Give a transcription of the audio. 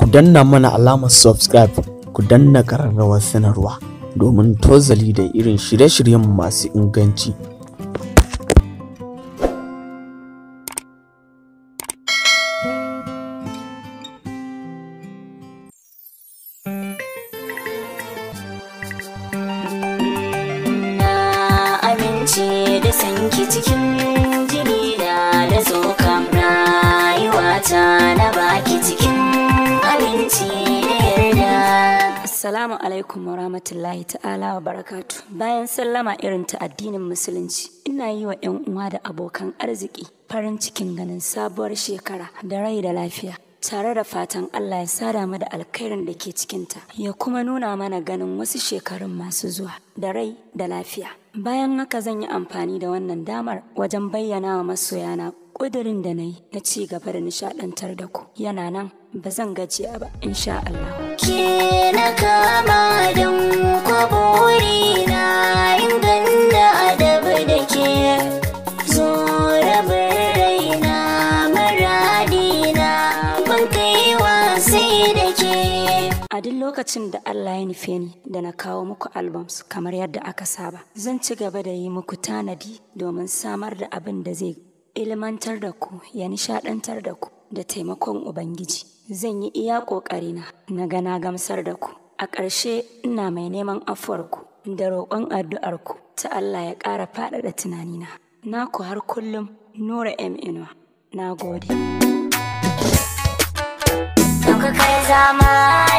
ku danna mana alamar subscribe ku danna ƙararrawar sanarwa domin tozali da irin shirye-shiryen masu inganci Na da sanki cikin Assalamu alaikum wa rahmatullahi ta'ala wa barakatu. Bayan sallama irin ta addinin musulunci, ina yi wa 'yan uwa da abokan arziki farin cikin ganin sabuwar shekara da rai da lafiya. Tare da fatan Allah ya sada mu da alkhairin da ke cikinta, ya kuma nuna mana ganin wasu shekarun masu zuwa da rai da lafiya. Bayan haka zan yi amfani da wannan damar wajen bayyana wa masoyana ƙudurin da na yi na ci gaba da nishaɗantar da ku. Yana nan ba zan gajiya ba, insha Allah. duk lokacin da Allah ya nufe ni da na kawo muku albums kamar yadda aka saba, zan ci gaba da yi muku tanadi domin samar da abin da zai ilmantar da ku ya nishadantar da ku da taimakon Ubangiji. Zan yi iya ƙoƙarina na gana gamsar da ku. A ƙarshe ina mai neman afuwarku da roƙon addu'arku ta Allah ya ƙara faɗaɗa tunanina. Na ku har kullum Nura M. Inuwa. Na gode. kai zama.